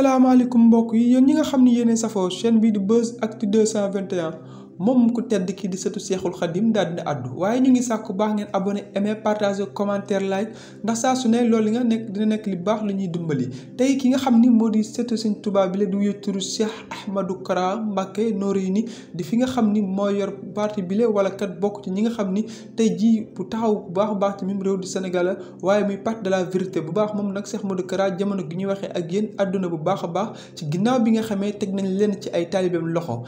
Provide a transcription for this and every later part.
asalaamaaleykum mbokk yi yéen ñi nga xam ne yéenay safoo chaîne bi di Buzz Actu 221 moom ku tedd kii di sëtu seexul xadim daal dina àddu waaye ñu ngi sàkku baax ngeen abonné aimé partage commentaire like ndax saa su ne loolu li nga nekk dina nekk li baax lu ñuy dimbali tey ki nga xam ni moo di sëtu sëñ Tuubaa bi la di wuyu turu Cheikh Ahmadou Kara Mbacké Noreyni di fi nga xam ni moo yor parti bi la wala kat bokk ci ñi nga xam ni tey jii bu taxaw bu baax a baax ci même réew di Sénégal waaye muy part de la vérité bu baax moom nag Cheikh Ahmadou Kara jamono gi ñuy waxee ak yéen àdduna bu baax a baax ci ginnaaw bi nga xamee teg nañ leen ci ay taalibeem loxo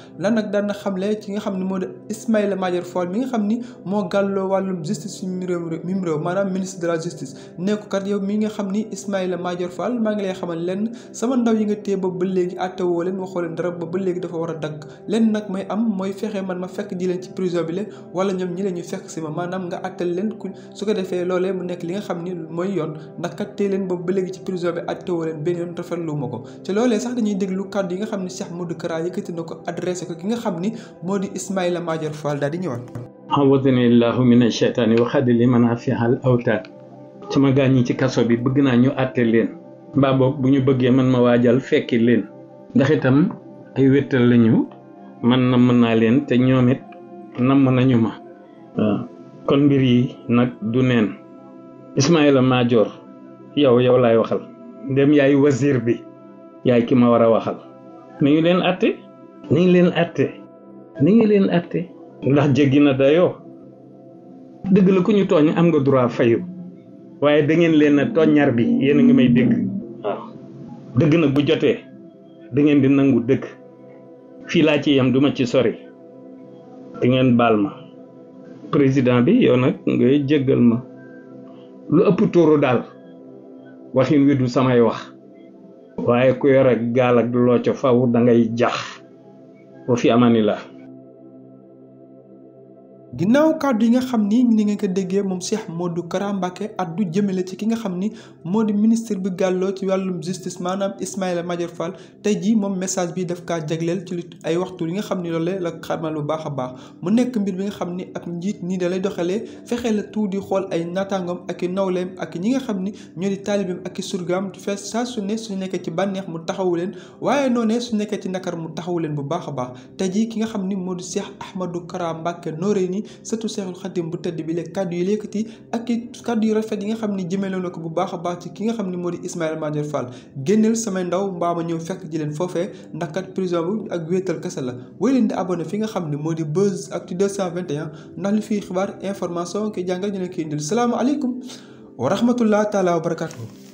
xam ne moo di Ismaïla Madior Fall mi nga xam ni moo gàlloo wàllum justice ci mi réew mi réew maanaam ministre de la justice nekku kat mi nga xam ni Ismaïla Madior Fall maa ngi lay xamal lenn sama ndaw yi nga téye ba ba léegi àttewoo leen waxoo leen dara ba ba léegi dafa war a dagg lenn nag may am mooy fexe man ma fekk ji leen ci prison bi la wala ñoom ñi la ñu fekk si ma maanaam nga àttal leen ku su ko defee loolee mu nekk li nga xam ni mooy yoon ndax kat téye leen ba leen benn yoon rafetlu ma ko ci loolee sax dañuy déglu kàddu yi nga xam ni Cheikh Modou Kara yëkkati na ko adressé ni Ismaïla Madior Fall daal di ñëwaat. awaadanillahu min acheytaani waxadi li manaafial awtaat sama gaañ ñi ci kaso bi bëgg naa ñu àtte leen mbaa bu ñu bëggee man ma waajal fekki leen ndax itam ay wéttal lañu man namm naa leen te ñoom it namm nañu ma kon mbir yi nag du neen Ismaïla Madior yow yow laay waxal ndem yaay wazir bi yaay ki ma war a waxal nañu leen àtte nañu leen àtte ni ngi leen atte ndax jéggi na dayoo dëgg la ku ñu tooñ am nga droit fayu waaye dangeen leen a tooññar bi yéen a may dégg waaw dëgg nag bu jotee da ngeen di nangu dëgg fii laa ci yem duma ci sori dangeen ngeen baal ma président bi yow nag ngay jéggal ma lu ëpp tuuru daal waxin wi du samay wax waaye ku yore gaal ak loo ca faw dangay jax wa fi amani la ginnaaw kàddu yi nga xam ni ni ngeen ko déggee moom Cheikh Modou Kara Mbacké addu jëmale ci ki nga xam ni moo di ministre bi gàlloo ci wàllum justice maanaam Ismaïla Madior Fall tey jii moom message bi daf kaa jegleel ci lu ay waxtu yi nga xam ni loolee la xamal bu baax a baax mu nekk mbir bi nga xam ni ab njiit nii da lay doxalee fexe la tuuti xool ay naataangoom ak i nawleem ak ñi nga xam ni ñoo di taalibeem ak i surgaam fees saa su ne su nekkee ci bànneex mu taxawu leen waaye noonee su nekkee ci nakar mu taxawu leen bu baax a baax te jii ki nga xam ni moo di Cheikh Ahmadou Kara Mbacké nooree ni ni sëtu Seexul Xadim bu tëdd bi léeg kàddu yi lékkati ak i kàddu yu rafet yi nga xam ni jëmale na ko bu baax a baax ci ki nga xam ni moo di Ismaïla Madior Fall génneel samay ndaw mbaa a ñëw fekk ji leen foofe ndax kat prison bi ak wéetal kese la wéy leen di abonné fi nga xam ni moo di Buzz Actu 221 ndax li fiy xibaar information ki jàngal ñu ne kii indil salaamaaleykum wa rahmatullah taala wa barakatuh